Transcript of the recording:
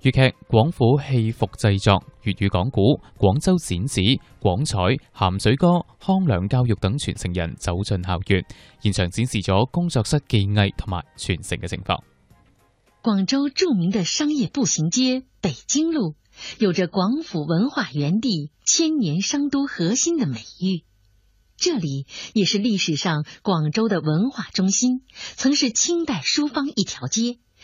粵劇、廣府戲服製作、粵語講古、廣州剪紙、廣彩、咸水歌、康良教育等傳承人走進校園，現場展示咗工作室技藝同埋傳承嘅情況。廣州著名的商業步行街北京路，有着廣府文化源地、千年商都核心的美譽。這裏也是歷史上廣州的文化中心，曾是清代書坊一條街。